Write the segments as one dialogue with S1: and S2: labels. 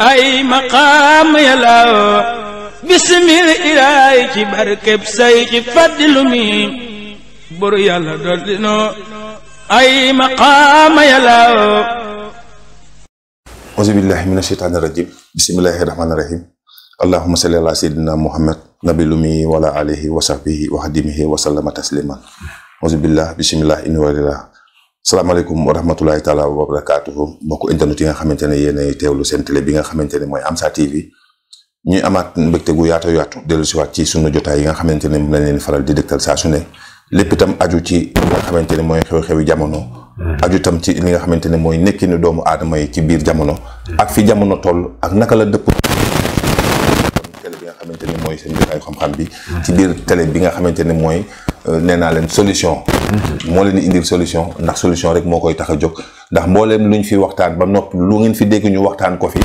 S1: ay maqaam yàlla bismil ilaay ci barkeb say ci faddilu mi buru yàlla doldinoo ay maqaam yàlla
S2: auzu billahi min asheytaani rajim bismillahi rahmaani rahim allahuma salli ala sayyidina muhammad nabilu mi wala alihi wa sahbihi wa xadimihi wa sallama tasliman auzu billah bismillah inwalillah salaamaaleykum wa rahmatulahi taala wa barakaatuhu mbokk internet yi nga xamante ne yéenay teewlu seen télé bi nga xamante ne mooy Amsa TV ñuy amaat mbégte gu yaatu yaatu dellu si waat ci sunu jotaay yi nga xamante ne moom lañ leen faral di dëgtal saa ne lépp itam aju ci xamante ne mooy xew-xewi jamono. Mm-hmm. aju itam ci li nga xamante ne mooy nekkinu doomu aadama yi ci biir jamono. Mm-hmm. ak fi jamono toll ak naka la dëpp. télé bi nga xamante ne mooy seen jotaayu xam-xam bi. Mm-hmm. ci biir tele bi nga xamante ne mooy. Euh, nee naa leen solution. Mhm. moo leen di indil solution ndax solution rek moo koy tax a jóg ndax mbooleen lu ñu fi waxtaan ba noppi lu ngeen fi dégg ñu waxtaan ko fi.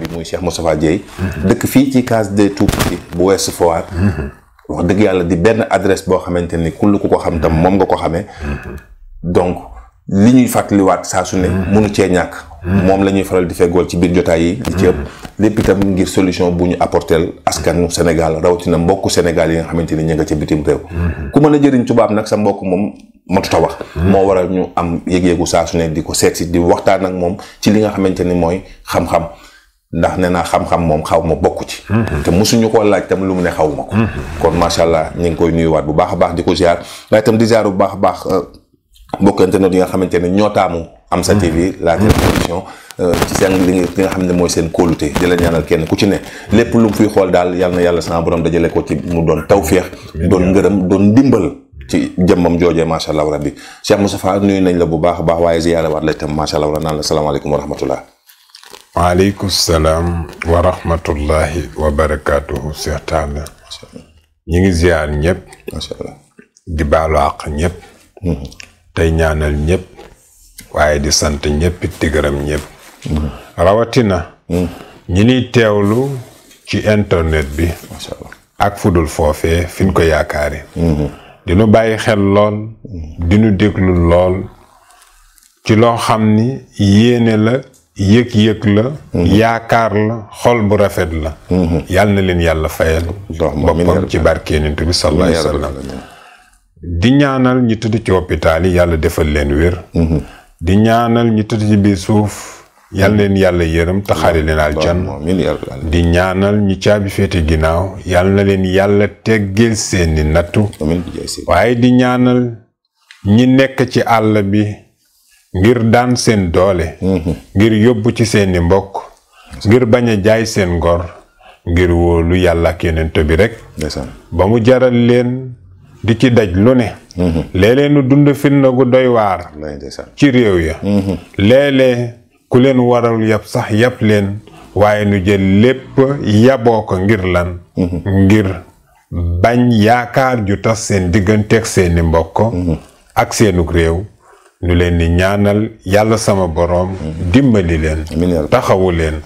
S2: bi muy Cheikh Moustapha Dieye mhm. dëkk fii ci case des bu Ouest Foire. Mhm. wax dëgg yàlla di benn adresse boo xamante ni kull ku ko xam tam moom nga ko xamee. donc li ñuy fàttaliwaat saa su ne. munu cee ñàkk. moom la ñuy faral di feggool ci biir jotaay yi. ci ëpp lépp itam ngir solution bu ñu apporteel askanu Sénégal rawatina mbokku Sénégal yi nga xamante ni ñu nga ca bitim réew. Mhm. ku mën a jëriñ tubaab nag sa mbokk moom matuta wax. Mhm. moo waral ñu am yëg-yëgu saa su ne di ko seet di waxtaan ak moom ci li nga xamante ni mooy xam-xam. ndax nee naa xam-xam moom xaw ma bokk ci. Mhm. te mosuñu koo laaj tam lu mu ne xaw ma ko. kon macha allah ñu ngi koy nuyuwaat bu baax a baax di ko ziar waaye itam di ziar bu baax a baax euh, mbokkante na yi nga xamante ne ñoo taamu am sa TV la télévision euh, ci seen li nga xam ne mooy seen kóolute di la ñaanal kenn ku ci ne lépp lu mu fiy xool daal yàlla na yàlla sama borom dajale ko ci mu doon tawféex doon ngërëm doon ndimbal ci jëmmam joojee macha allah rabbi Cheikh Moustapha nuyu nañ la bu baax a baax waaye ziyaara waat la itam macha allah naan la salaamaaleykum wa rahmatullah waaleykum salaam wa rahmatullahi
S3: wa barakaatuhu Cheikh Talla ñi ngi ziyaar ñëpp di baalu àq ñëpp mm-hmm. tey ñaanal waaye di sant ñëpp di gërëm ñëpp. Mm. rawatina. Mm. ñi ñuy teewlu ci internet bi. ak fudul foofee fi ñu ko yaakaare. Mm-hmm. di nu bàyyi xel lool. Mm-hmm. di nu déglu lool. ci loo xam ni yéene la yëg-yëg la mm-hmm. yaakaar la xol bu rafet la yàlla na leen yàlla fayal boppam ci barke yonent bi sallallahu alayhi wa sallam di ñaanal ñi tudd ci hôpital yi yàlla defal leen wér di ñaanal ñu tëdd ci biir suuf yal leen yàlla yërëm te xaari leen aljanna di ñaanal ñu caabi féete ginnaaw yal na leen yàlla teggeel seeni nattu waaye di ñaanal ñi nekk ci àll bi ngir daan seen doole mhm. ngir yóbbu ci seeni mbokk ngir bañ a jaay seen ngor ngir wóolu yàlla ak yonent bi rekk ba mu jaral leen di ci daj lu ne mm-hmm. léeg nu dund fitna gu doy waar ci réew ya mm-hmm. léeg ku leen waral yàpp sax yàpp leen waaye nu jël lépp yaboo ko ngir lan mm-hmm. ngir bañ yaakaar ju tas seen digganteeg seeni mbokk ak seenug réew ñu leen di ñaanal yàlla sama boroom dimbali leen taxawu leen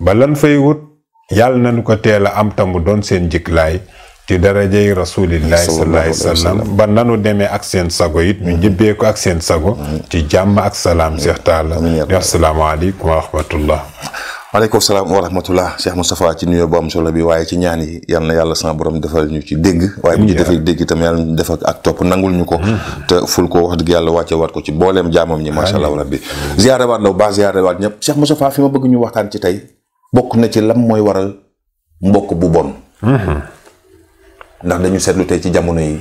S3: ba lan fay wut yàlla nañu ko teel a am tamu doon seen jiklaay ci darajey rasulillahi sallallahu alayhi wa sallam ba nanu demee ak seen sago it mu jëbbee ko seen sago mm. ci jàmm ak salaam mm. Cheikh
S2: Talla asalaamaaleykum wa rahmatullah waaleykum salaam wa rahmatullah Cheikh Moustapha ci nuyoo bu am solo bi waaye ci ñaan yi yal yàlla sama borom defal ñu ci dégg waaye bu ñu defee dégg itam yàlla def ak topp nangul ñu ko mm. te ful ko wax dëgg yàlla wàcce waat ko ci booleem jaamam ñi macha allah rabbi ziyaare waat la ba ziyaare waat ñëpp Cheikh Moustapha fi ma bëgg ñu waxtaan ci tey bokk na ci lam mooy waral mbokk bu bon mm-hmm. ndax dañu seetlu tey ci jamono yi.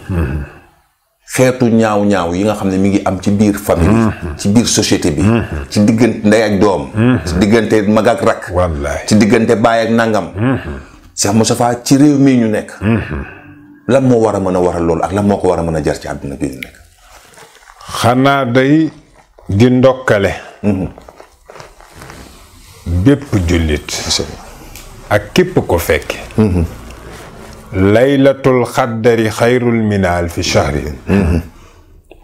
S2: xeetu ñaaw ñaaw yi nga xam ne mi ngi am ci biir famille mm-hmm. ci biir société bi mm-hmm. ci diggante ndey ak doom mm-hmm. ci diggante mag ak rak ci diggante baay ak nangam Cheikh Moustapha ci réew mii ñu nekk lan moo war a mën a war a loolu ak lan moo ko war a mën a jar ci àdduna bi ñu nekk
S3: xanaa day di ndokkale bépp jullit ak képp ko fekk laylatul xaddari xayrul min alfi shahrin mm-hmm.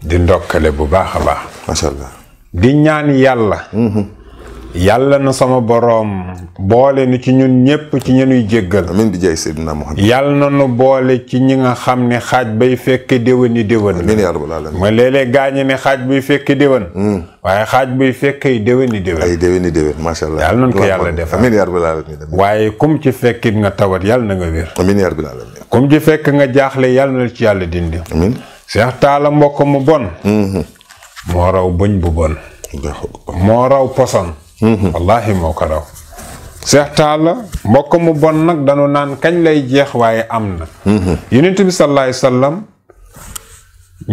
S3: di ndokkale bu baax a baax. macha allah di ñaan yàlla. Mm-hmm. yàlla na sama boroom boole nu ci ñun ñépp ci ñenuy jéggal amiin bi jaay Seydina Muhammad yàlla na nu boole ci ñi nga xam ne xaaj bay fekk déwéni déwén amiin yaa rabbal aalamiin mooy léeg-léeg gaañe ne xaaj bay fekk déwén hmm. waaye xaaj bay fekk ay déwéni déwén yi déwéni déwén macha allah yàlla nañ ko yàlla defal amiin yaa rabbal aalamiin waaye kum ci fekkit nga tawat yàlla na nga wér amiin yaa rabbal aalamiin kum ci fekk nga jaaxle yàlla na ci yàlla dindi amiin Seex Taala mbokk mu bon hmm. moo raw bëñ bu bon moo raw poson Mm-hmm. wallahi moo ko raw Seex Taala mbokk mu bon nag dañu naan kañ lay jeex waaye am na mm-hmm. yonent bi sallallahu alayhi wasallam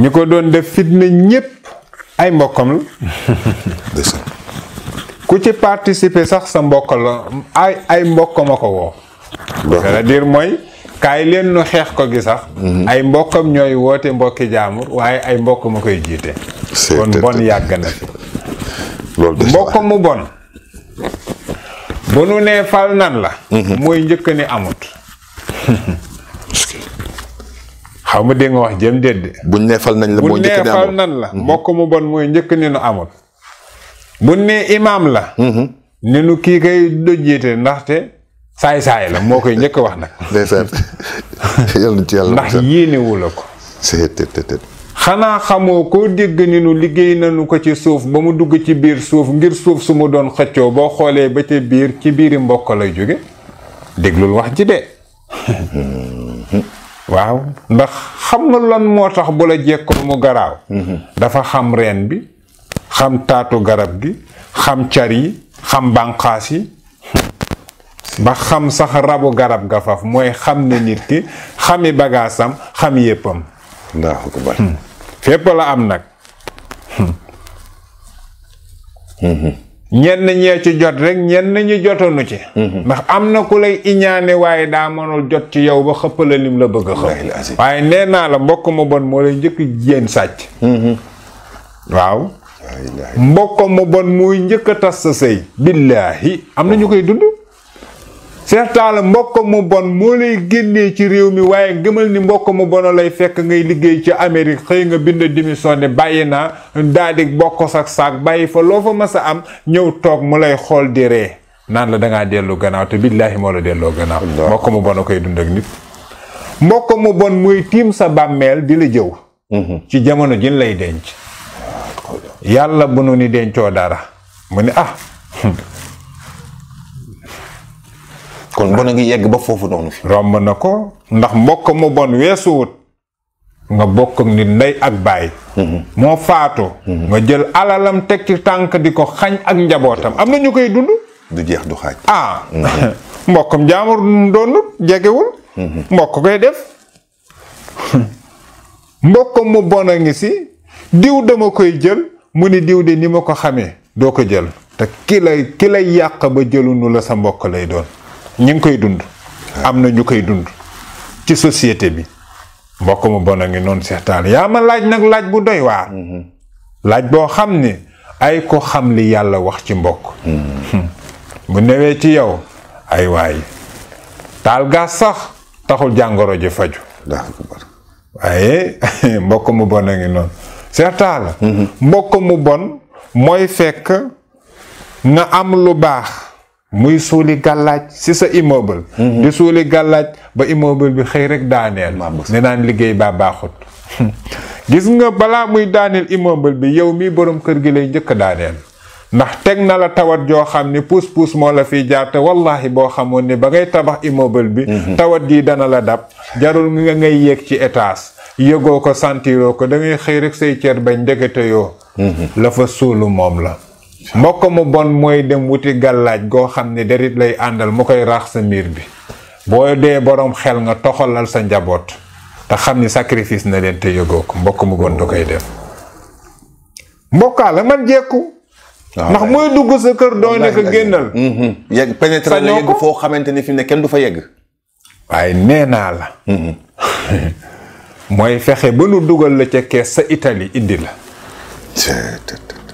S3: ñu ko doon def fitna ñépp ay mbokkam ku ci participer sax sa mbokk la mbokkam a ko mooy kaay leen xeex ko gi mm-hmm. ay mbokkam ñooy woote mbokki jaamur waaye ay mbokk ma koy jiite kon yàgg na fi mbokk mu bon bu nu nee fal nan la mhm. mooy njëkk ni amut xaw ma dégg nga wax jëm déedéet
S2: buñ nee fal nañ la mooy nee fal nan
S3: la mhm. mbokk mu bon mooy njëkk ni nu amut buñ nee imaam la mhm. ni kii kay dojjiite ndaxte saay saay la moo koy njëkk wax nag ndeysaan ndax yéene wu la ko xanaa xamoo koo dégg ni nu liggéey nanu ko ci suuf ba mu dugg ci biir suuf ngir suuf su mu doon xëccoo boo xoolee ba ci biir ci biiri mbokk lay jóge déglul wax ji waaw ndax xam nga lan moo tax bu la jekkoo mu garaaw dafa xam reen bi xam taatu garab gi xam car yi xam bànqaas yi ba xam sax rabu garab ga faf mooy xam ne nit ki xami bagaasam xam yéppam fépp la am nag ñenn ñee ci jot rek ñenn ñi jotonu ci ndax am na ku lay iñaane waaye daa mënul jot ci yow ba xëpp la la bëgg a xam waaye nee naa la mbokk mu bon moo lay njëkk jéen sàcc waaw mbokk mu bon muy njëkk a tas sa sëy billaahi am na ñu koy dund Cheikh Talla mbokk mu bon moo lay génnee ci réew mi waaye gëmal ni mbokk mu bono lay fekk ngay liggéey ci Amérique xëy nga bind démission ne bàyyi naa daal di bokk sax saag bàyyi fa loo fa mas a am ñëw toog mu lay xool di ree naan la danga dellu gannaaw te billaahi moo la delloo gannaaw mbokk mu bon a koy dund ak nit mbokk mu bon muy tiim sa bàmmeel di la jëw mm-hmm. ci jamono jin lay denc yàlla bu nu ni dencoo dara mu ne ah kon bon a ngi yegg ba foofu noonu fi romb na ko ndax mbokk mu bon weesuwut nga bokk ak nit ndey ak baay mhm. moo faatoo mhm. nga jël alalam teg ci tànk di ko xañ ak njabootam am na ñu koy dund
S2: du jeex du xaaj ah. mhm.
S3: mbokkam jaamur doonut mbokk koy def mbokk mu bon a ngi si diw dama koy jël mu ni diw de ni ma ko xamee doo ko jël te ki lay ki lay yàq ba jëlunu la sa mbokk lay doon ñi ngi koy dund am na ñu koy dund ci société bi mbokk mu bon a ngi noonu Cheikh Tall yaa ma laaj nag laaj bu doy waar mhm. laaj boo xam ne ay ko xam li yàlla wax ci mbokk
S1: mhm.
S3: bu newee ci yow ay waay taal gas sax taxul jàngoro ji faju waaye mbokk mu bon a ngi noonu Cheikh Tall mhm. mbokk mu bon mooy fekk nga am lu baax muy suuli gàllaaj si sa immeuble. Mhm. di suuli gàllaaj ba immeuble bi xëy rek daaneel. ne naan liggéey baa baaxut. gis nga balaa muy daaneel immeuble bi yow mii borom kër gi lay njëkk daaneel. ndax teg na la tawat joo xam ni puus puus moo la fiy jaar te wallaahi boo xamoon ni ba ngay tabax immeuble bi. Mhm. tawat gi dana la dab. jarul nga ngay yéeg ci étage. yëgoo ko sentiroo ko da ngay xëy rek say cër bañ ndekete yoo. Mhm. la fa suulu moom la. mbokk mu bon mooy dem wuti gàllaaj goo xam ne darit lay àndal mu koy raax sa miir bi boo dee boroom xel nga toxalal sa njaboot te xam ni sacrifice na leen te yëgoo ko
S2: mbokk mu bon da koy def mbokkaa la man jekku ndax mooy dugg sa kër dooy nekk génnal mm-hmm. yegg pénétrer la foo xamante ni fi ne kenn du fa yegg
S3: waaye nee naa la mm-hmm. mooy fexe ba nu dugal la ca kees sa Italie indi la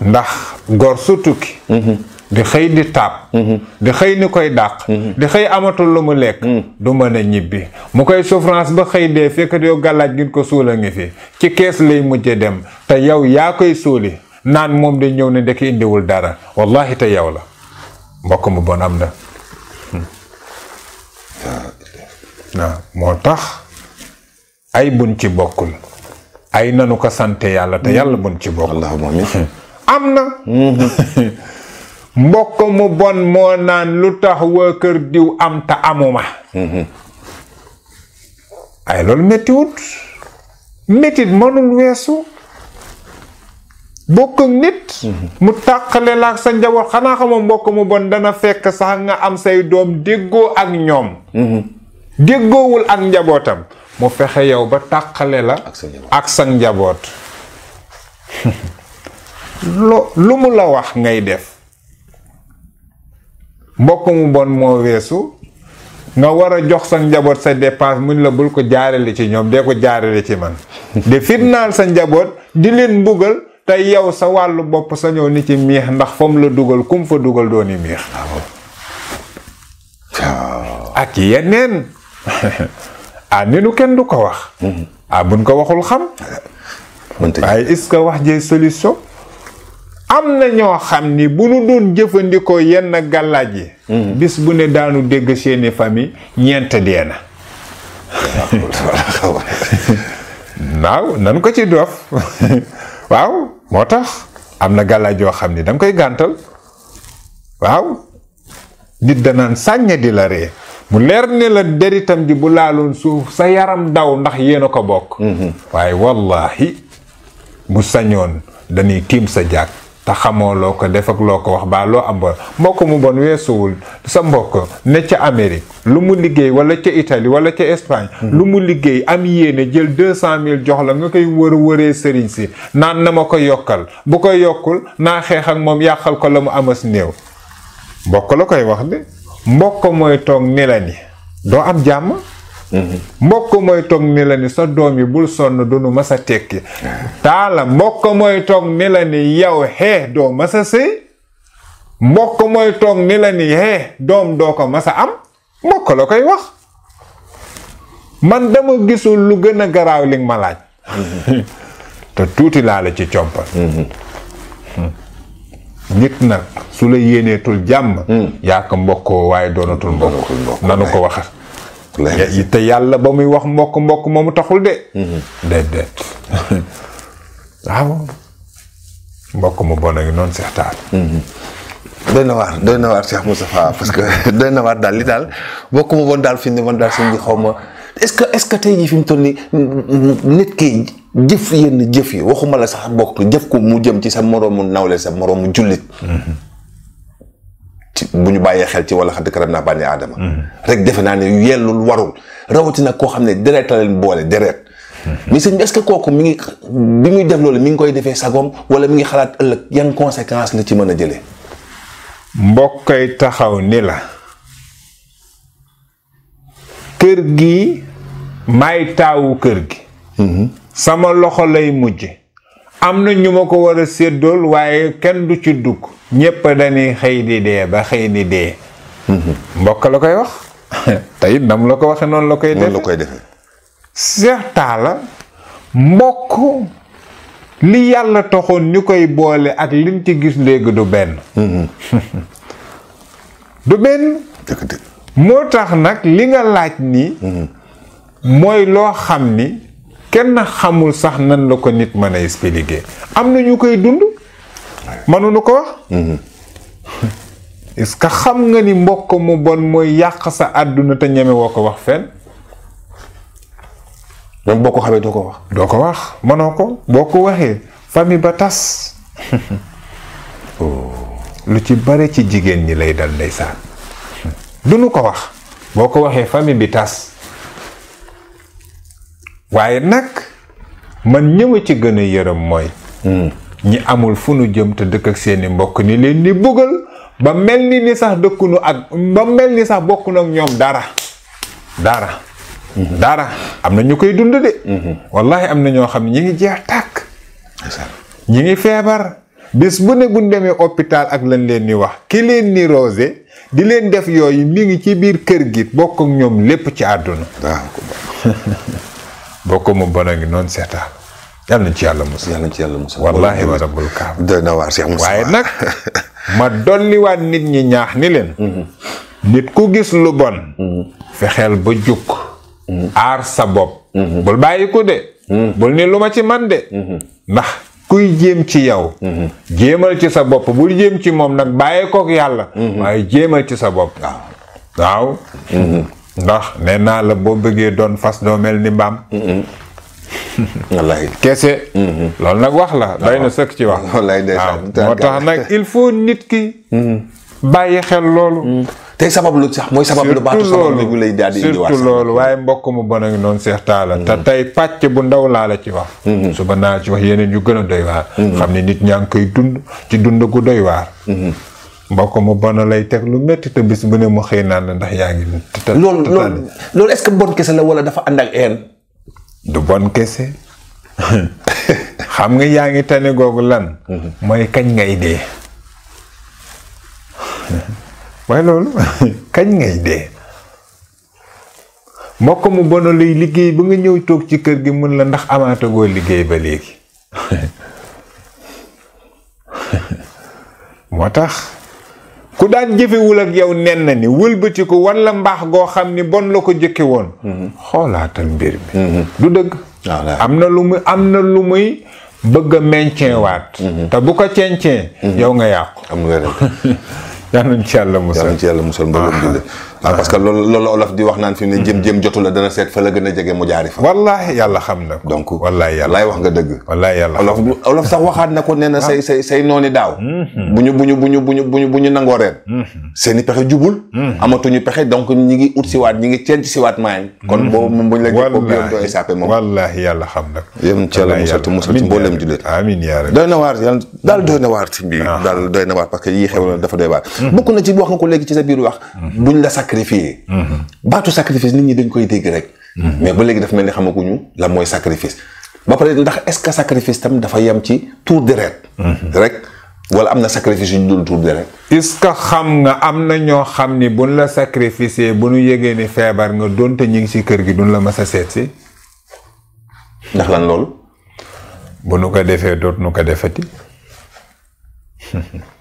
S3: ndax gor su tukki mhm. di xëy di taab mhm. di xëy ni koy dàq mhm. di xëy amatul lu mu lekk du mën a ñibbi mu koy souffrance ba xëy dee fekkat yow gàllaaj gi ko suul a ngi fi ci kees lay mujje dem te yow yaa koy suuli naan moom di ñëw ni ndekk indiwul dara wallahi te yow la mbokk mu bon am na hmm. moo tax ay bun ci bokkul ay nanu ko sante yàlla te hmm. yàlla bun ci bokkul allahumma amiin hmm. am na mm-hmm. mbokk mu bon moo naan lu tax waa kër diw am te amuma mm-hmm. ay loolu méttiwut méttit mënul weesu bokk ak nit mm-hmm. mu tàqale laak sa njaboot xanaa xamoo mbokk mu bon dana fekk sax nga am say doom déggoo ak ñoom déggoowul ak njabootam mu fexe yow ba tàqale la ak sa njaboot lo lu mu la wax ngay def mbokk mu bon moo weesu nga war a jox sa njaboot sa dépense muñ la bul ko jaarale ci ñoom dee ko jaarale ci man di fitnaal sa njaboot di leen mbugal te yow sa wàllu bopp sa ñëw ni ci miix ndax fam la dugal kum fa dugal dooni miix ak yeneen ah ni nu kenn du ko wax mm-hmm. ah buñ ko waxul xam waaye est-ce wax jee solution am na ñoo xam ni bu nu doon jëfandikoo yenn gàllaaj yi hmm. bis bu ne daanu dégg seeni famille ñeent dee na waaw nan ko ci doof waaw moo tax am na gàllaaj yoo xam ni danga koy gàntal waaw nit danaan sàñña di la ree mu leer ne la deritam ji bu laaloon suuf sa yaram daw ndax yéen a ko bokk hmm. waaye wallaahi mu sañoon dañuy tiim sa jàkk te xamoo loo ko def ak loo ko wax baa loo am ba mbokk mu bon weesuwul sa mbokk ne ca Amérique lu mu liggéey wala ca itali wala ca Espagne lu mu liggéey am yéene jël deux cent mille jox la nga koy wër wëree sëriñ si naan na ma ko yokkal bu koy yokkul naa xeex ak moom yàqal ko la mu amas néew mbokk la koy wax de mbokk mooy toog ni la ni doo am jàmm mbokk mooy toog ni la ni sa doom yi bul sonn dunu ma sa tekki taala mbokk mooy toog ni la ni yow xee doo ma sa sëy mbokk mooy toog ni la ni xee doom doo ko ma sa am mbokk la koy wax man dama gisul lu gën a garaaw li ma laaj te tuuti laa la ci compal nit nag su la yéeneetul jàmm hmm. yaa ko mbokkoo waaye doonatul mbokk nanu ko wax te yàlla ba muy wax mbokk mbokk moomu taxul de mm-hmm.
S2: waaw mbokk mu bon a ngi noonu Cheikh Tall mm-hmm. doy na waar doy na waar Cheikh Moustapha parce que doy na waar daal li daal mbokk mu bon daal fi ne man daal seen ji xaw ma est-ce que est-ce que tey jii fi mu toll ni nit ki jëf yenn jëf yi waxuma la sax mbokk jëf ko mu jëm ci sa moroomu nawle sa moroomu jullit mm-hmm. bu ñu bàyyee xel ci wala xadd karam naa bànni aadama rek defe naa ne yellul warul rawatina koo xam ne deret la leen boole deret mm-hmm. mais sëñ bi ce que kooku mi ngi bi muy def loolu mi ngi koy defee sagoom wala mi ngi xalaat ëllëg yan conséquence la ci mën a jëlee mbokkay taxaw ni la
S3: kër gi may taawu kër gi mm-hmm. sama loxo lay mujj am na ñu ma ko war a séddool waaye kenn du ci dugg ñépp dañuy xëy di dee ba xëy di dee mbokk la koy wax te it nam la ko waxe noonu la koy defe Seex Taala mbokk li yàlla toxoon ñu koy boole ak liñ ci gis léegi du benn benn moo tax nag li nga laaj ni mooy loo xam ni kenn xamul sax nan la ko nit mën a expliquer am na ñu koy dund mënuñu ko wax. Mhm. est-ce que xam nga ni mbokk mu bon mooy yàq sa àdduna te ñeme woo ko wax fenn. même boo ko xamee doo ko wax. doo ko wax mënoo ko boo ko waxee famille ba tas. Oh. lu ci bare ci jigéen ñi lay dal ndeysaan. du nu ko wax. boo ko waxee famille bi tas. waaye nag man ñëw ci gën a yërëm mooy. Hmm. ñi amul fu nu jëm te dëkk ak seeni mbokk ni leen ni buggal ba mel ni ni sax dëkkunu ak ba mel ni sax bokkunu ak ñoom dara dara mhm. dara am na ñu koy dund de mhm. wallahi am na ñoo xam ne ñu ngi jeex tàkk ñu ngi feebar bis bu ne buñ demee hôpital ak lañ leen di wax ki leen ni rosé di leen def yooyu mi ngi ci biir kër gi bokk ak ñoom lépp ci àdduna waaw bokk mu bon a ngi noonu seetaan yàlla nañ
S2: ci yàlla mos. yàlla nañ ci yàlla mos. wallaahi wa rabbul kaaba. doy na waar Cheikh Moussa waaye
S3: nag ma dolliwaat nit ñi ñaax ni leen. Mhm. nit ku gis lu bon. Mhm. fexeel ba jukk mhm. aar sa bopp. bul bàyyi ko de. bul ni lu ma ci man de. ndax kuy jéem ci yow. jéemal ci sa bopp bul jéem ci moom nag bàyyi kook yàlla. waaye jéemal ci sa bopp. waaw. ndax nee naa la boo bëggee doon fas doo mel ni mbaam.
S2: wallaay kese. Mhm.
S3: loolu nag wax la doy na sëkk ci wax. wallaay ndeysaan moo tax nag il faut nit ki. Mhm. bàyyi xel loolu. Mhm. tey sabab lu sax mooy sabab lu baatu sabab lu lay daal di indiwaat surtout waaye mbokk mu bon a ngi noonu Seex te tey pàcc bu ndaw laa la ci wax. suba naa ci wax yeneen yu gën a doy xam ne nit ñaa ngi koy dund ci dund gu doy waar. mbokk mu bon lay teg lu métti te bis bu ne mu xëy naan ndax yaa ngi. loolu loolu
S2: loolu bon kese la wala dafa ànd ak
S3: du bon kese xam nga yaa ngi tane googu lan mooy kañ ngay dee waaye loolu kañ ngay dee mbokk mu bon luy liggéey ba nga ñëw toog ci kër gi mun la ndax amaatagoo liggéey ba léegi moo tax ku daan jëfewul ak yow nen na ni wëlbati ko wan la mbaax goo xam ni bon la ko jëkke woon mhm. xoolaatal mbir mi mhm. du dëgg ah, am na lu muy am na lu muy bëgg a mencin waat mhm. te bu ko cencin yow nga yàqu am nga rek yal ci yàlla musal yal nañ ci yàlla
S2: musal mbooloo jullit waaw ah, parce que loolu loolu olof di wax naan fi mu ne jëm jëm jotu la dana seet fa la gën a jege mu jaari fa wallaahi yàlla xam na na ngi ut siwaat ñi ngi ceen ci mm-hmm. bu wax nga ko léegi ci sa biir wax mm-hmm. buñ la sakk sacrifier. Mhm. baatu sacrifice nit ñi dañ koy dégg rek. Mhm. mais ba léegi dafa mel ni xamaguñu la mooy sacrifice. ba pare ndax est-ce que sacrifice tam dafa yem ci tour deret mhm. rek wala am na sacrifice yu ñu dul tour deret
S3: est-ce xam nga am na ñoo xam ni buñ la sacrifice bu ñu yéegee ni feebar nga doonte ñu ngi si kër gi duñ la mas a seet si. ndax lan loolu. bu nu ko defee doot nu ko defati.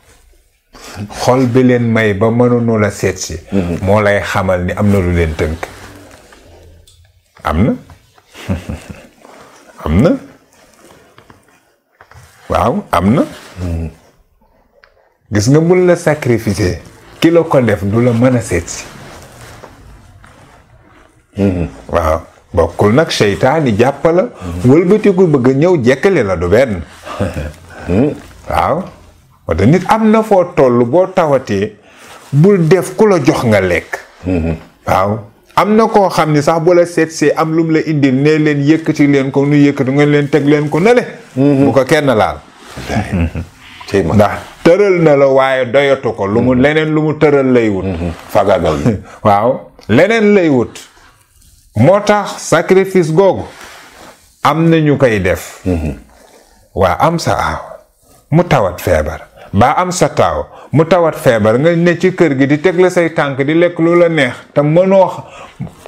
S3: xol bi leen may ba mënuñu la seet mhm. moo lay xamal ni am na lu leen tënk am na am na waaw am na mhm. gis nga mun la sacrifice kilo la ko def du la mën a seet si mhm. waaw bokkul nag seytaani jàppa la wëlbatiku bëgg ñëw jekkale la du benn hmm. waaw moo tax nit am na foo toll boo tawatee bul def ku la jox nga lekk mhm. waaw am na koo xam ni sax bu la seetsee am lu mu la indil nee leen yëkkati leen ko nu yëkkati nga leen teg leen ko nale mhm. ko kenn laal
S2: mhm. ndax
S3: tëral na la waaye doyatu ko lu mu leneen lu mu tëral lay wut waaw leneen lay wut moo tax sacrifice googu am na ñu koy def waa am sa aaw mu tawat feebar baa am sa taaw mu tawat feebar nga ne ci kër gi di tegle say tànk di lekk lu la neex te mënoo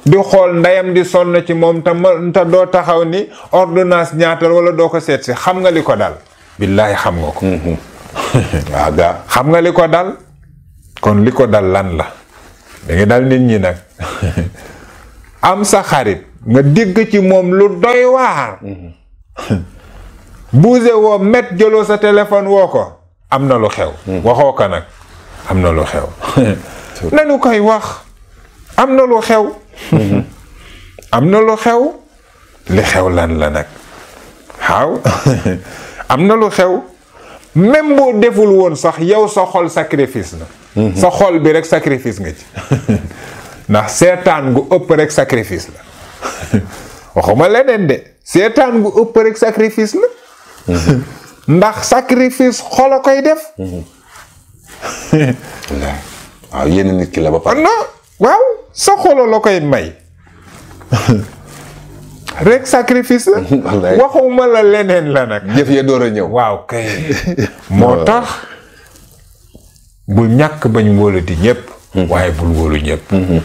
S3: di xool ndeyam di sonn ci moom te te doo taxaw ni ordonnance ñaatal wala doo ko seet si xam nga li ko dal billaahi xam nga ko mm-hmm. waaw gaa xam nga li ko dal kon li ko dal lan la da nga dal nit ñi nag am sa xarit nga dégg ci moom lu doy waar mm-hmm. buuse woo met jëloo sa téléphone woo ko am na lu xew hmm. waxoo ko nag am na lu xew nanu koy wax am na lu xew hmm. am na lu xew li xew lan la nag waaw am na lu xew même boo deful woon sax yow sa xol sacrifice na hmm. sa xol bi rek sacrifice nga ci ndax seetaan gu ëpp rek sacrifice la waxuma leneen de seetaan gu ëpp rek sacrifice la ndax sacrifice xol a koy def.
S2: waaw yenn nit ki la ba pare.
S3: non waaw sa xolo la koy may
S2: rek sacrifice la.
S3: waxuma la leneen la nag. jëf ya door a ñëw. waaw kay. moo tax bul ñàkk bañ wóolati ñëpp. Mhm. waaye bul wóolu ñëpp. Mhm.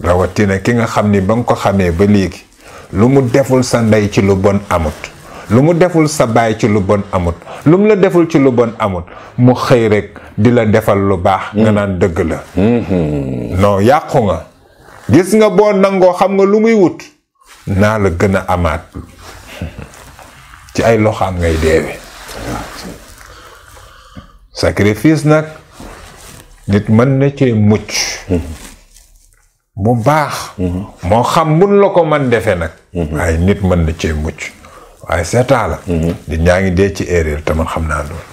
S3: rawatina ki nga xam ni ba nga ko xamee ba léegi lu mu deful sa ndey ci lu bon amut. lu mu deful sa baay ci lu bon amut lu mu la deful ci lu bon amut mu xëy rekk di la defal lu baax nga mm. naan dëgg la mm-hmm. non yàqu nga gis nga boo nangoo xam nga lu muy wut naa la gën a amaat ci ay loxaam ngay deewe sacrifice nag nit mën na ci mucc bu mm-hmm. baax mm-hmm. moo xam mun la ko man defe nag waaye nit mën na cee mucc waaye seetaa la di mhm. ñaa ngi dee ci erreur te man xam naa loolu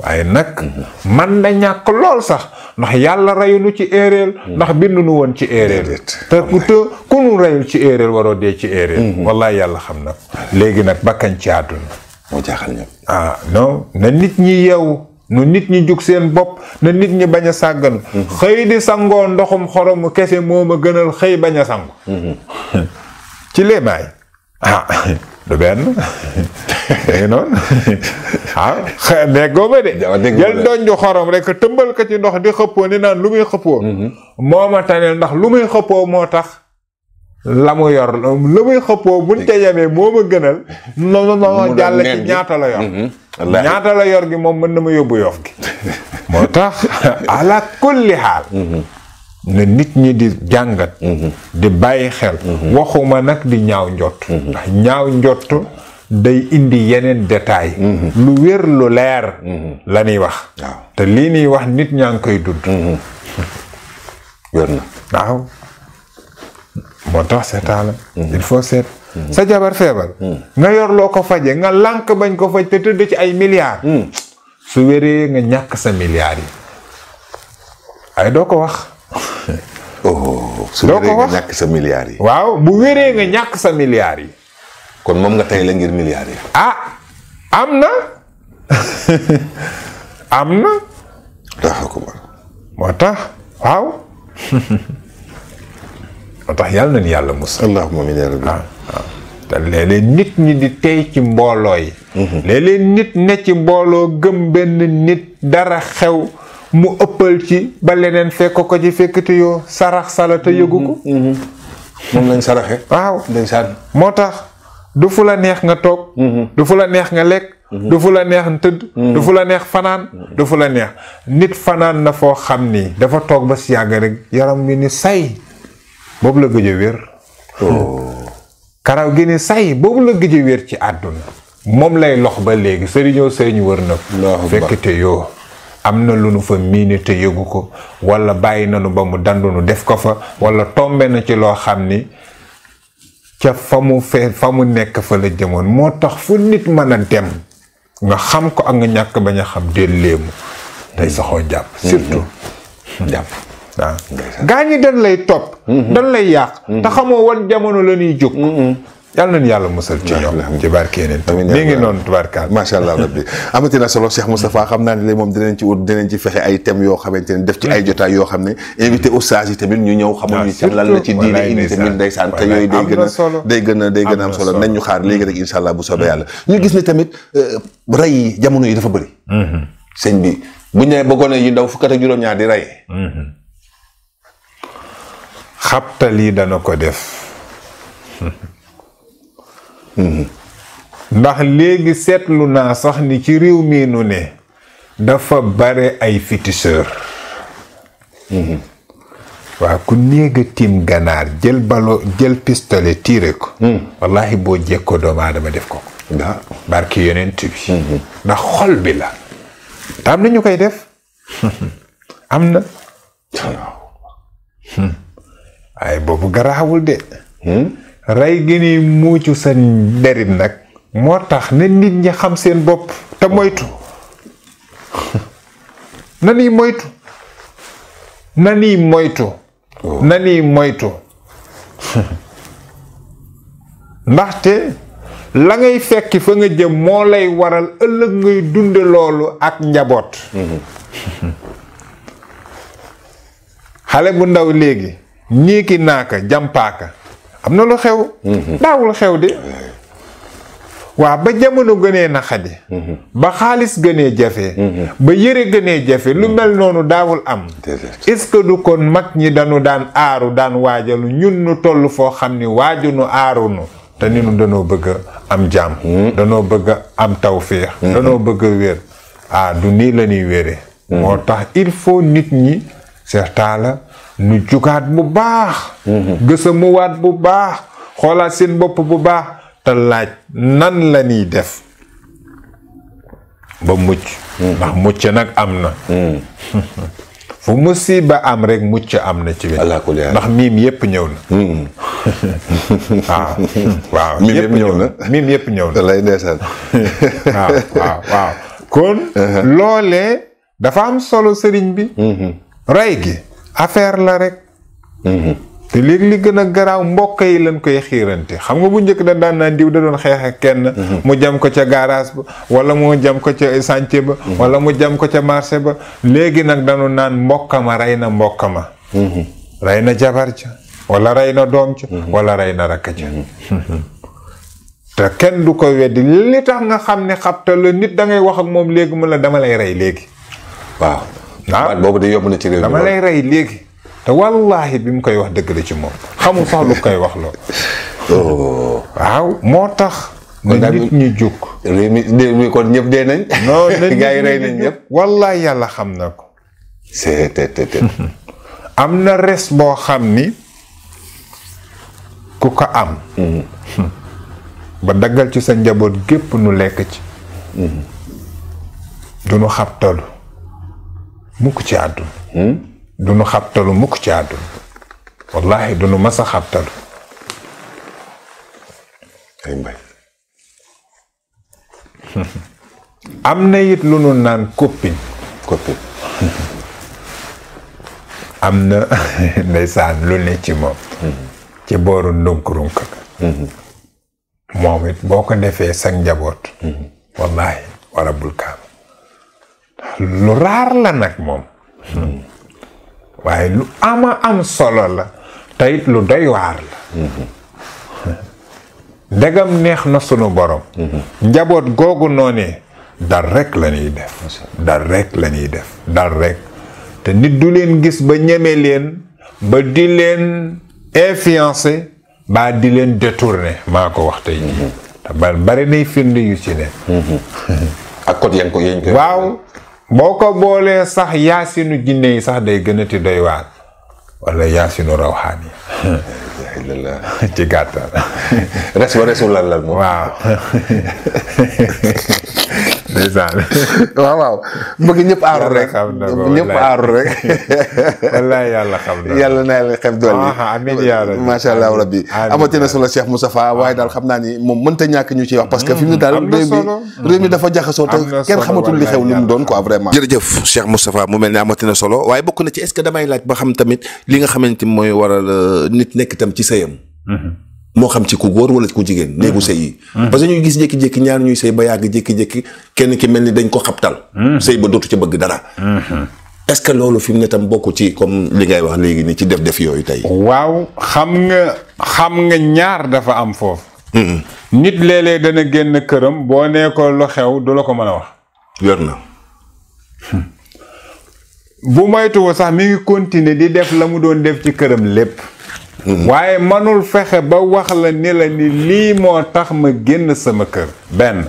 S3: waaye nag mhm. man na ñàkk lool sax ndax yàlla reyunu ci erreur mhm. ndax bindu nu woon ci erreur te te ku nu reyul ci erreur waroo dee ci erreur walla yàlla xam na léegi nag bakkañ ci moo jaaxal ah, na nit ñi yeewu nu nit ñi jug seen bopp na nit ñi bañ a sàgganu xëy di sangoo ndoxum xoromu kese moo ma gënal xëy bañ a sangu ci léemaay ah. du benn ah. dégg ba de. jël doñ ju xorom rek tëmbal ko ci ndox di xëppoo ni naan lu muy xëppoo. Mm-hmm. moo ma taneel ndax lu muy xëppoo moo tax. la mu yor lu muy xëppoo buñ ca yemee moo ma gënal. non non jàll ci ñaata yor.
S1: Mm-hmm.
S3: ñaata yor gi moom mën na ma yóbbu yoof gi. moo tax ala kulli xaal. Mm-hmm. na nit ñi di jàngat mm-hmm. di bàyyi xel mm-hmm. waxuma nag di ñaaw njott mm-hmm. ñaaw njott day indi yeneen détail lu wér lu leer la ñuy wax te lii ñuy wax nit ñaa ngi koy dudd waaw moo tax seetaanal il faut seet sa jabar feebar nga yor loo ko faje nga lànk bañ ko faj te tëdd ci ay milliards mm. su wéree nga ñàkk sa milliards yi ay doo ko wax oh su wéree nga ñàkk sa milliards yi. waaw bu wéree nga ñàkk sa milliards yi. kon moom nga tey la ngir milliards yi. ah am na am na. moo tax waaw. moo tax yàlla nañu yàlla musal. allahumma amiin ah, ah. nit ñi di tey ci mbooloo yi. Mhm. léeg nit ne ci mbooloo gëm benn nit dara xew. mu ëppal ci ba leneen fekk ko ci fekkati yoo sarax sala yëgu ko mm-hmm. Mm-hmm. moom lañ saraxe waaw ndeysaan moo tax du fu la neex nga toog mm-hmm. du fu la neex nga lekk du fu la neex tëdd du fu la neex fanaan du fu la neex nit fanaan na foo xam ni dafa toog ba si yàgg rek yaram oh. gi ni say boobu la gëj a wér karaw gi ni say boobu la gëj wér ci àdduna moom lay lox ba léegi sëriñoo sëriñ wër na fekkite yoo am na lu nu fa miine te yëgu ko walla bàyyi nanu ba mu dandunu def ko fa walla tombe na ci loo xam ni ca fa mu fe fa mu nekk fa la jëmoon moo tax fu nit mën a dem nga xam ko ak nga ñàkk bañ a xam delleemu day saxoo jàpp mhm. surtout jàpp waaw gaa ñi dañ lay topp mhm. dañ lay
S2: yàq mhm. te xamoo wan jamono la ñuy jóg yàlla nañu yàlla musal ci ñoom
S3: ci barke yeneen
S2: mi ngi noonu tubaarkaal macha allah rabbi amati solo Cheikh Moustapha xam naa ne léegi moom dinañ ci ut dinañ ci fexe ay thèmes yoo xamante ne def ci ay jotaay yoo xam ne invité oustaz yi tamit ñu ñëw xamul ñu tam lan la ci diine indi tamit ndeysaan te yooyu day a day a ñu xaar mm. léegi rek incha allah bu soobee mm. yàlla ñu gis ne tamit euh, rey yi jamono yi dafa bëri mm-hmm. sëñ bi bu ne ba gone yu ndaw fukk ak juróom-ñaar di rey mm-hmm. xabtal
S3: yi dana ko def ndax léegi seetlu naa sax ni ci réew mii nu ne dafa bare ay féticheur waaw ku néeg ganaar jël balo jël pistolet tiire ko hmm. wallahi boo jekkoo doomu aadama def ko barki yonent bi hmm. ndax xol bi la am na ñu koy def am na hmm. waaye boobu garaawul de rey gi ni muucu seen derit nag moo tax ne nit ñi xam seen bopp te moytu na ni moytu na ni moytu oh. ni moytu ndaxte la ngay fekki fa nga jëm moo lay waral ëllëg ngay dunde loolu ak njaboot
S1: mm-hmm.
S3: xale bu ndaw léegi ñii ki naaka jàmpaaka am na lu xew. Mhm. daawul xew de. waa ba jamono gënee naqadi mhm. ba xaalis gënee jafe mhm. ba yére gënee jafe lu mel noonu daawul am est-ce que du kon mag ñi dañu daan aaru daan waajalu ñun nu toll foo xam ni waaju nu aaru nu te ni nu danoo bëgg am jàmm danoo bëgg am tawféex danoo bëgg wér ah du nii la ñuy moo tax il faut nit ñi seetaa la nu jugaat bu baax mhm. gësamuwaat bu baax xoolaat seen bopp bu baax te laaj nan la ñuy def ba mucc mhm. ndax mucc nag am na mhm. fu musiba am rek mucc am na ci wet ndax miim yépp ñëw na waaw miim yépp ñëw na miim yépp ñëw na lay ndeesaan waaw waaw waaw kon uh-huh. loolee dafa am solo sëriñ bi rey gi affaire la rek. Mhm. te léegi li gën a garaaw mbokk yi lañ koy xiirante xam nga bu njëkk da daan naan diw da doon xeex kenn. Mhm. mu jam ko ca garage ba wala mu jam ko ca chantier ba. Mhm. wala mu jam ko ca marché ba léegi nag dañu naan mbokk ma rey na mbokk ma. rey na jabar ca wala rey na doom ca. wala rey na rakk ca. te kenn du ko weddi li tax nga xam ne xabta la nit dangay wax ak moom léegi mu la dama lay rey léegi waaw.
S2: ah boobu de yomb na ci réew mi dama lay
S3: rey léegi. te wallaahi bi mu koy wax dëgg la ci moom xamul sax lu koy wax lool. Oh. waaw moo tax. kon daal nit ñi jóg.
S2: réew mi réew kon ñëpp dee nañ. non gaa yi rey nañ ñëpp.
S3: wallaahi yàlla xam na ko. am na res boo xam ni ku ko am. Mm-hmm. ba daggal ci sa njaboot gépp nu lekk ci. Mm-hmm. du nu xab tolu mukk ci àdduna du nu xabtalu mukk ci àdduna wallahi du nu mas a am na it lu nu naan koppin am na ndeysaan lu ne ci moom ci booru ndunkurunk mm-hmm. moom it boo ko defee sag njaboot mm-hmm. wallahi warabul kaam lu raar la nag moom waaye lu ama am solo la teyit lu doy waar la ndegam neex na sunu borom njaboot googu noonee dal rek la ñuy def dal rek def dal te nit du leen gis ba ñeme leen ba di leen influencé ba di leen détourné maa ko wax tey jii te bari nay firnde yu ci ne waaw boo ko boolee sax yaasinu jinne yi sax day gënati doy waar wala yaasinu rawxaan yi ci gàttal res wa resul lal moom waaw ndeysaan waaw waaw bëgg ñëpp aaru rek ñëpp aaru rek
S2: wallaay yàlla xam na yàlla na yàlla xef dool yi macha allah rabbi amatina solo Cheikh Moustapha waaye daal xam naa ni moom mënta ñàkk ñu ci wax parce que fi mu ne daal réew mi dafa jaxasoo te kenn xamatul li xew li mu doon quoi vraiment jërëjëf Cheikh Moustapha mu mel ne amatina solo waaye bokk na ci est-ce que damay laaj ba xam tamit li nga xamante mooy a euh, nit nekk tam ci sëyam mhm. moo xam ci ku góor wala ku jigéen. néegu sëy yi. Mm-hmm. parce que ñuy gis jékki-jékki ñaar ñuy sëy ba yàgg jékki-jékki kenn ki mel ni dañ ko xabtal. Mm-hmm. sëy ba dootu ca bëgg dara. Mm-hmm. est-ce que loolu fi mu ne tam bokk ci comme li ngay wax léegi ni ci def-def yooyu tey. waaw xam
S3: nga xam nga ñaar dafa am foofu. nit léeg-léeg dana génn këram boo nee lu xew du la ko mën a wax.
S2: wér na. Hmm.
S3: bu moytuwul sax mi ngi continuer di def la mu doon def ci këram lépp. waaye manul fexe ba wax la ni la ni lii moo tax ma génn sama kër benn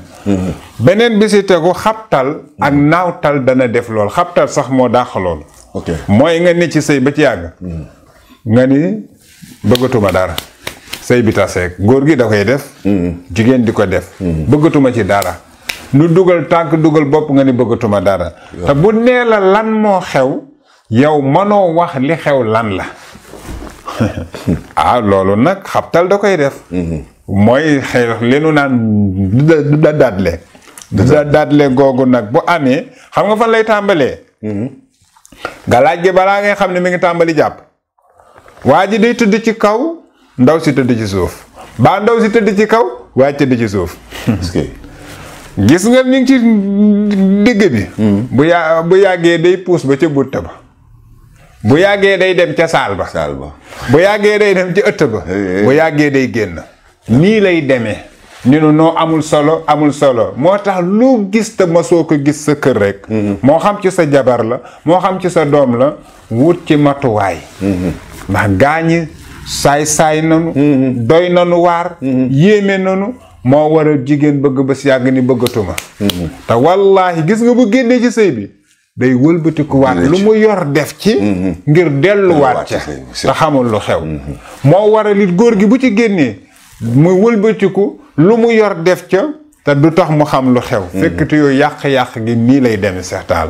S3: beneen bi si tegu xabtal ak naawtal dana def lool xabtal sax moo dàq lool mooy nga ne ci sëy ba ci yàgg nga ni bëggatuma dara sëy bi taseeg góor gi da koy def jigéen di ko def bëggatuma ci dara nu dugal tànk dugal bopp nga ni bëggatuma dara te bu nee la lan moo xew yow manoo wax li xew lan la ah loolu nag xabtal da koy def. Mhm. mooy xëy li naan du da daatle. du da daatle googu nag bu amee xam nga fan lay tàmbalee. Mhm. galaaj gi balaa ngay xam ne mi ngi tàmbali jàpp. waa ji day tëdd ci kaw ndaw si tëdd ci suuf baa ndaw si tëdd ci kaw waa ji tëdd ci suuf. gis nga ñu ngi ci digg bi. Mhm. bu yàggee day puus ba ca bunte ba. bu yàggee day dem ca saal ba. saal ba bu yàggee day dem ci ëtt ba. bu yàggee day génn. nii lay demee. ñu ne noo amul solo amul solo moo tax loo gis te mosoo ko gis sa kër rek. Mm-hmm. moo xam ci sa jabar la moo xam ci sa doom la wut ci matuwaay. Mm-hmm. ndax gaañi saay saay nanu. Mm-hmm. doy na nanu waar. yéeme nanu moo waral jigéen bëgg ba si yàgg ni bëggatuma. te wallaahi gis nga bu génnee ci sëy bi. day wëlbatikuwaat lu mu yor def ci mhm. ngir delluwaat ca te xamul lu xew mhm. moo waral it góor gi bu ci génnee muy wëlbatiku lu mu yor def ca te du tax mu xam lu xew mhm. fekkati yooyu yàq-yàq gi nii lay deme Seex Taal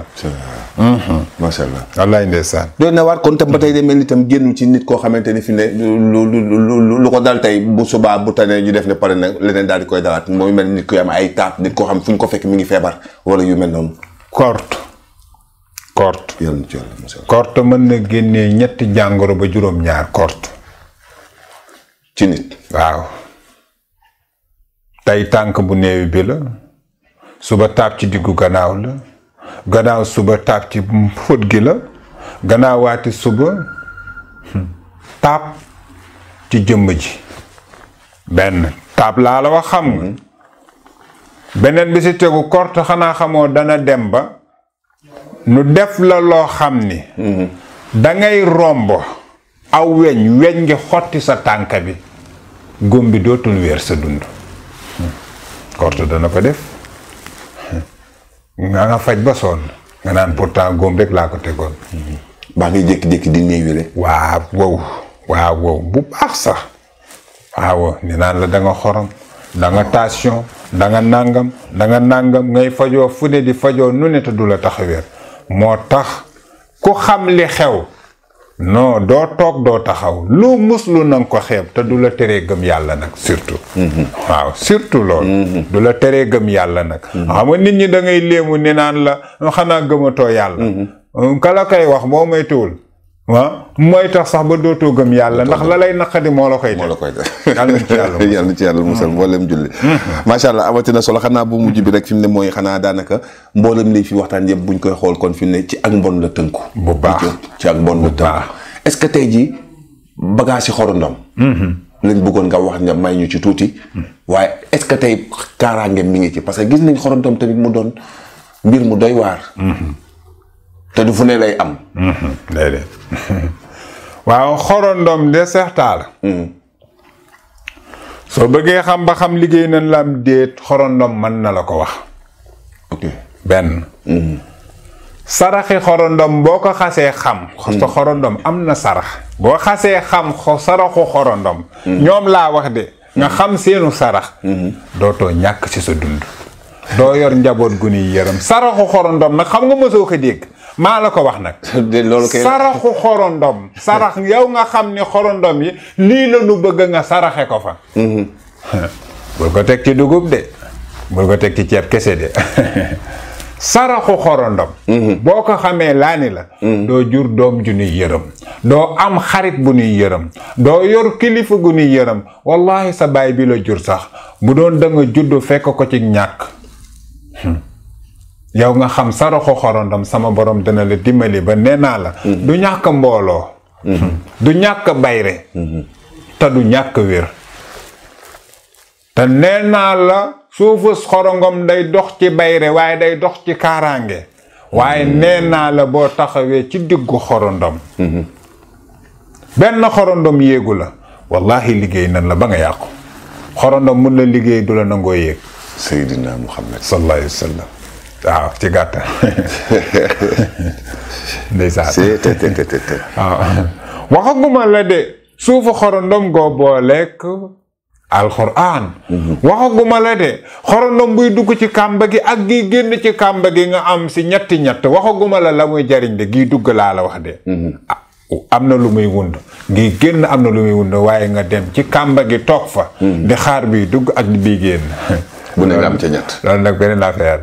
S2: macha allah wallaay ndeysaan doy na waar kon tam ba tey de mel ni tam génn ci nit koo xamante ni fi ne lu lu lu ko dal tey bu subaa bu tane ñu def ne pare na leneen daal di koy dalaat mooy mel nit ku am ay taat nit koo xam fu ñu ko fekk mu ngi feebar wala yu mel noonu kort korte
S3: korte mën na génne ñetti jàngoro ba juróom-ñaar korte ci nit waaw tey tànk bu néew bi la suba taab ci diggu gannaaw la gannaaw suba taab ci fóot gi la gannaawaati suba hmm, taab ci jëmm ji benn taab laa la wax xam nga mm-hmm. beneen bi si tegu korte xanaa xamoo dana dem ba nu def la loo xam ni mhm. dangay romb aw weñ weñ ngi xotti sa tànk bi góom bi dootul weer sa dund korte dana ko def nga nga faj ba sonn nga naan pourtant góom rek laa ko tegoon baa ngay jékki-jékki di néewi rek waaw wow waaw bu baax sax waaw ni naan la danga xorom danga tension danga nàngam danga nàngam ngay fajoo fu ne di fajoo nu ne du la tax a moo tax ku xam li xew non doo toog doo taxaw loo muslu na nga ko xeeb te du la teree gëm yàlla nag surtout mm-hmm. waaw surtout loolu mm-hmm. du la teree gëm yàlla nag mm-hmm. xam nga nit ñi dangay ngay léemu ni naan la xanaa gëmatoo yàlla kala kay wax boo moytuwul waaw mooy tax sax ba dootoo gëm yàlla ndax la lay naqadi moo
S2: la koy def moo la koy def yàlla na ci yàlla musal mm-hmm. mboolem julli mm-hmm. macha allah amatina solo xanaa bu mujj bi rek fi mu ne mooy xanaa daanaka mboolem li fi waxtaan yëpp buñ koy xool kon fi mu ne ci ak mbon la tënku bu baax ci ak mbon que tey jii bagage yi xorondom mm-hmm. lañ bëggoon nga wax nga may ñu ci tuuti waaye est-ce que tey kaaraange mi ngi ci parce que gis nañ xorondom tamit mu doon mbir mu doy waar te du fu ne lay am.
S3: Mm-hmm.
S2: waaw xorondom de seex la mm.
S3: soo bëggee xam ba xam liggéey nañ la am déet xorondom mën na la ko wax. benn. Mm. saraxi xorondom boo ko xasee xam. sa mm. xorondom am na sarax. boo xasee xam saraxu xorondom. ñoom laa wax de nga xam seenu sarax. Mm-hmm. dootoo ñàkk ci sa dund. doo yor njaboot gu ni yërëm saraxu xorondom nag xam nga mosoo ko dégg. maa la ko wax nag. loolu kay saraxu xorondom. sarax yow nga xam ne xorondom yi lii la nu bëgg nga saraxe ko fa. Mhm. bul ko teg ci dugub de bul ko teg ci ceeb kese de saraxu xorondom. Mhm. boo ko xamee laa ni la. Mhm. doo jur doom ju nuy yërëm. doo am xarit bu nuy yërëm. doo yor kilifa gu nuy yërëm. wallahi sa baay bi la jur sax bu doon da juddu fekk ko ci ñàkk. yow nga xam sa roxo xorondom sama borom dana la dimbali ba nee naa la mm-hmm. du ñàkk mbooloo mm-hmm. du ñàkk bayre mm-hmm. te du ñàkk wér te nee naa la suufus xorongom day dox ci bayre waaye day dox ci kaaraange waaye nee naa la boo taxawee ci diggu xorondom benn xorondom yéegu la wallahi liggéey nan la ba nga yàqu xorondom mun la liggéey du la nangoo yéeg seydina muhammad sallallahu alayhi waaw ci gàttal. ndeysaan. si te te te te. waaw ah. waxaguma la de suufu xorondom goo booleek alxuraan. Mhm. waxaguma la de xorondom buy dugg ci kàmba gi ak gi génn ci kàmba gi nga am si ñetti ñett waxaguma la la muy jariñ de gii dugg laa la wax de. Mhm. Ah, am na lu muy wund ngi génn am na lu muy wund waaye nga dem ci kàmba gi toog fa. Mhm. di xaar bi dugg ak bii génn. bu ne nga am ca ñett loolu nag beneen affaire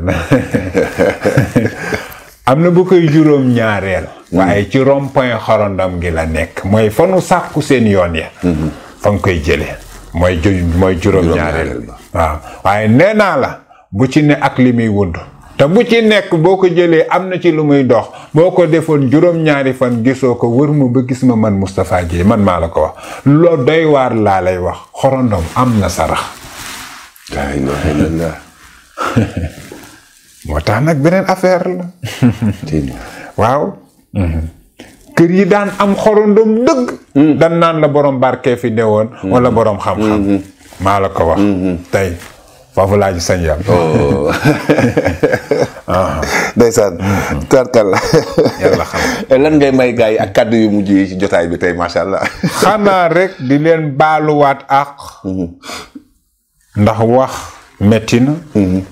S3: am na bu koy juróom ñaareel mm-hmm. waaye ci rond-point xorondam gi la nekk mooy fa nu sàkku seen yoon ya mm-hmm. fa koy jële mooy ju mooy juróom ñaareel waaw waaye nee naa la bu ci ne ak li muy wund te bu ci nekk boo ko jëlee am na ci lu muy dox boo ko defoon juróom-ñaari fan gisoo ko wër ma ba gis ma man Moustapha Guèye man maa la ko wax loo doy waar laa lay wax xorondom am na sarax moo tax nag beneen affaire la waaw mhm. kër yi daan am xorondoom dëgg mhm. dan naan la borom barke fi de woon wala mhm. borom xam-xam maa la ko wax tey foofu laa ci sañ yàlla oh.
S2: ndeysaan tarkal yàlla xam lan ngay may gars yi ak kàddu yu mujj yi ci jotaay bi tey macha allah xanaa rek
S3: di leen baaluwaat ak ndax wax metti na mm-hmm.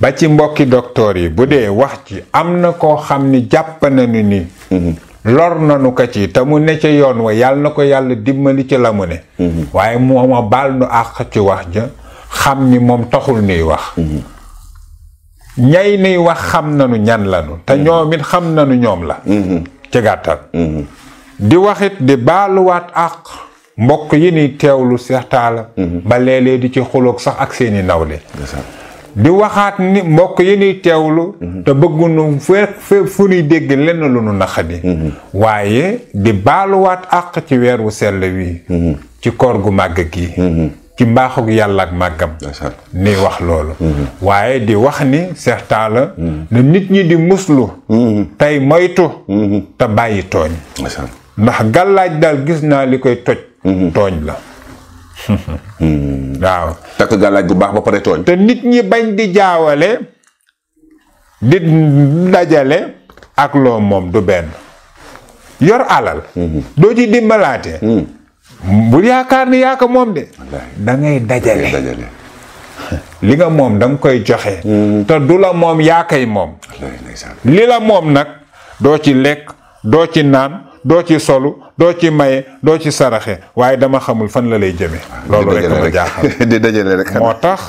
S3: ba ci mbokki doktoor yi bu dee wax ci am na koo xam ni jàpp nañu nii mm-hmm. lor nanu ko ci te mu ne ca yoon wa yàlla na ko yàlla dimmali ci la mu ne mm-hmm. waaye moom a baal nu àq ci wax ja xam ni moom taxul nuy wax ñay nuy wax xam nanu ñan lanu te ñoom xam nanu ñoom la ci gàttal di waxit di baaluwaat àq mbokk yi ni teewlu Seex Taala mhm. ba léeg-léeg di ci xuloog sax ak seeni nawle di waxaat ni mbokk yi ni teewlu mhm. te bëggunu fe fu nuy dégg lenn lu nu naqadi mhm. waaye di baaluwaat àq ci weer wu sell wi ci koor gu màgg gi ci mbaaxug yàlla ak màggam ni wax loolu waaye di wax ni Seex na nit ñi di muslu tey moytu te bàyyi tooñ ndax gàllaaj daal gis naa li koy toj Mhm. tooñ la. Mhm. waaw. takk gàllaaj gu baax ba pare tooñ. te nit ñi bañ di jaawale di dajale ak loo moom du benn yor alal. Mhm. doo ci dimbalaate. bul yaakaar ni yaaka moom de. da dajale li nga moom da koy joxe. te du la moom yaakay moom. li la moom nag doo ci lekk doo ci naan. doo ci solu doo ci maye doo ci saraxe waaye dama xamul fan la lay jëme loolu rek ma moo tax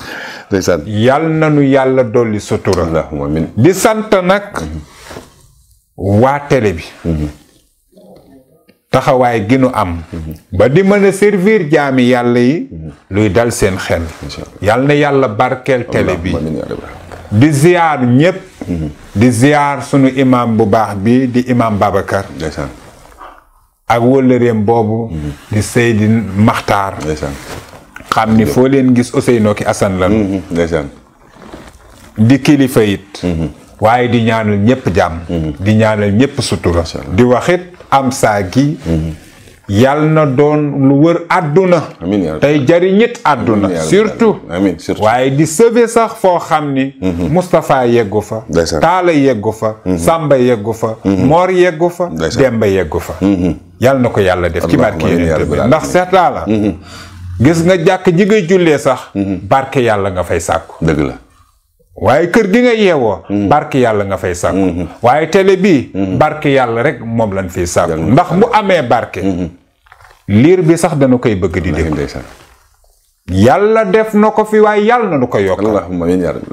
S3: ndeysaan na nanu yàlla dolli sutura di sant nag waa télé bi mhm. taxawaay gi nu am mhm. ba di mën a servir jaami yàlla yi mhm. luy dal seen xel yàlla na yàlla barkeel télé bi di ziyaar ñépp di ziyaar sunu imam bu baax bi di imam Babacar ak wëllëreem boobu mhm. di Seydi Maxtaar xam ni foo leen gis Ousseynou ki Assane lan mhm, di kilifa it mhm. waaye di ñaanal ñëpp jàmm di ñaanal ñëpp sutura di waxit am saa gi yàlla na doon lu wër àdduna tey jariñit àdduna surtout waaye di sauver sax foo xam ni Moustapha yeggu fa Taala yeggu fa Samba yeggu fa Mor yeggu fa Demba yeggu fa yàlla na ko yàlla def ci barke yonent bi ndax seetlaa la gis nga jàkk ji ngay jullee sax mhm. barke yàlla nga fay sàkku dëgg la waaye kër gi nga yeewoo mhm. barke yàlla nga fay sàkku mhm. waaye tele bii barke yàlla rek moom lañ fiy sàkku ndax bu amee barke bi sax dana koy bëgg di déglu yàlla def na ko fi waaye yàlla na nu ko yokkal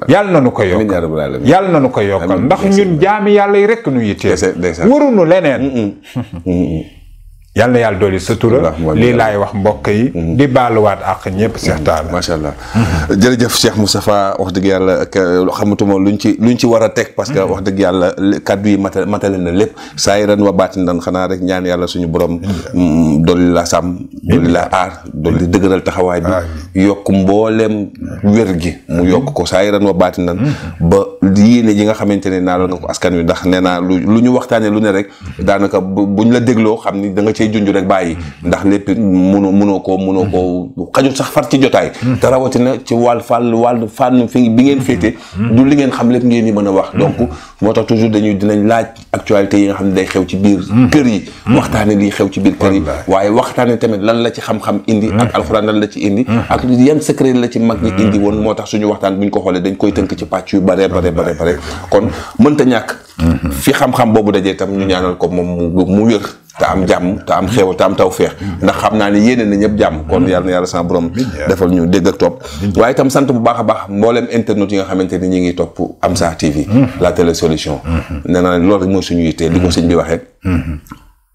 S3: yàlla na nu ko yokkal yàlla na nu ko yokkal ndax ñun jaami yàlla yi rek nu yittee waruñu leneen yàlla yàlla na yàlla dooli sutura lii laay wax mbokk yi
S2: mm-hmm. di baaluwaat ak ñëpp Cheikh Talla mm-hmm. macha allah
S1: mm-hmm.
S2: jërëjëf Cheikh Moustapha wax dëgg yàlla euh, xamatuma luñ ci luñ ci war a teg parce que wax dëgg yàlla kaddu yi matal matale na lépp saa yi ren wa baatin dan xanaa rek ñaan yàlla suñu borom mm, dolli la sàmm dolli la aar dolli dëgëral taxawaay bi yokk mbooleem wér gi mu yokk ko saa yi ren wa baatin dan ba yéene ji nga xamante ne naa la nga ko askan wi ndax ne naa lu lu ñu waxtaanee lu ne rek daanaka buñ la dégloo xam ni da nga cey junj rek bàyyi ndax lépp munoo mënoo koo mënoo koo xajul sax far ci jotaay te rawatina ci wàll fàll wàll fànn fi bi ngeen féete du li ngeen xam lépp ngeen di mën a wax donc moo tax toujours dañuy dinañ laaj actualité yi nga xam ne day xew ci biir mhm. kër yi mhm. waxtaane liy xew ci biir kër yi waaye waxtaane tamit lan la ci xam-xam indi ak mhm. alxuraan lan la ci indi ak yan secret la ci mag ñi indi woon moo tax suñu waxtaan buñ ko xoolee dañ koy tënk ci pàcc yu bare bare bare bare kon mënta ñàkk fi xam-xam boobu dajee tam ñu ñaanal ko moom mu wér te am jàmm te am xew te am taw feex ndax xam naa ni yéene na ñëpp jàmm kon mm-hmm. yàlla na yàlla sama borom defal ñu dégg topp waaye itam sant bu baax a baax mbooleem internet yi nga xamante ni ñi ngi topp Amsa TV mm-hmm. la télé solution mm-hmm. nee naa loolu rek mooy suñu yitte li ko sëñ bi waxee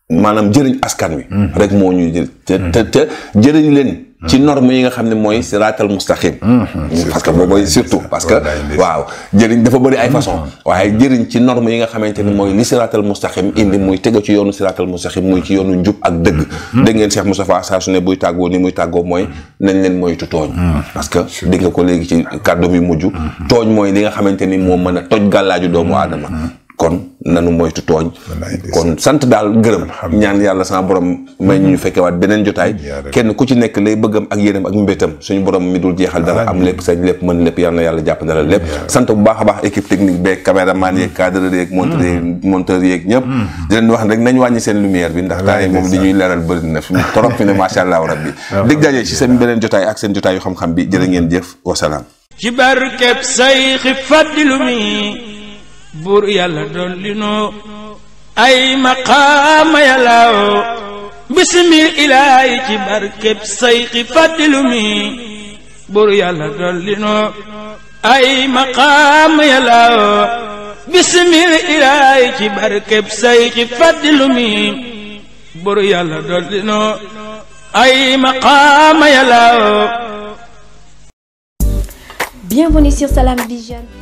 S2: maanaam jëriñ askan wi rek moo ñu jël te te jëriñ leen ci norme yi nga xam ne mooy siraatal mustaqim
S1: mm-hmm.
S2: parce que boobu surtout parce que waaw jëriñ dafa bëri ay mm-hmm. façon waaye jëriñ ci norme yi nga xamante ne mooy li siraatal mustaqim mm-hmm. indi muy tege ci yoonu siraatal mustaqim muy ci yoonu njub ak dëgg dégg ngeen Cheikh Moustapha saa su ne buy tàggoo ni muy tàggoo mooy nañ leen moytu tooñ parce que dégg nga ko léegi ci kàddu bi mujj tooñ mooy li nga xamante ni moo mën a toj gàllaaju doomu aadama kon nanu moytu tooñ kon sant daal gërëm ñaan yàlla sama borom may ñu mm. fekkewaat beneen jotaay kenn ku ci nekk lay bëggam ak yéenam ak mbétam suñu borom mi dul jeexal dara am lépp sañ lépp mën lépp yàlla jàpp mm. mm. dara leen wax bi ndax temps moom li ñuy leeral bëri na torop fi ne macha allah rabbi ah, dig dajee ci seen beneen jotaay ak seen jotaay xam-xam bi jërë ngeen jëf wasalaam
S1: ci barkeb say xi fàddilu buur yàlla ay maqaama yàllaaw bismil ilaahi ci barkeb sayxi fàddilu mi buur yàlla ay maqaama
S3: yàllaaw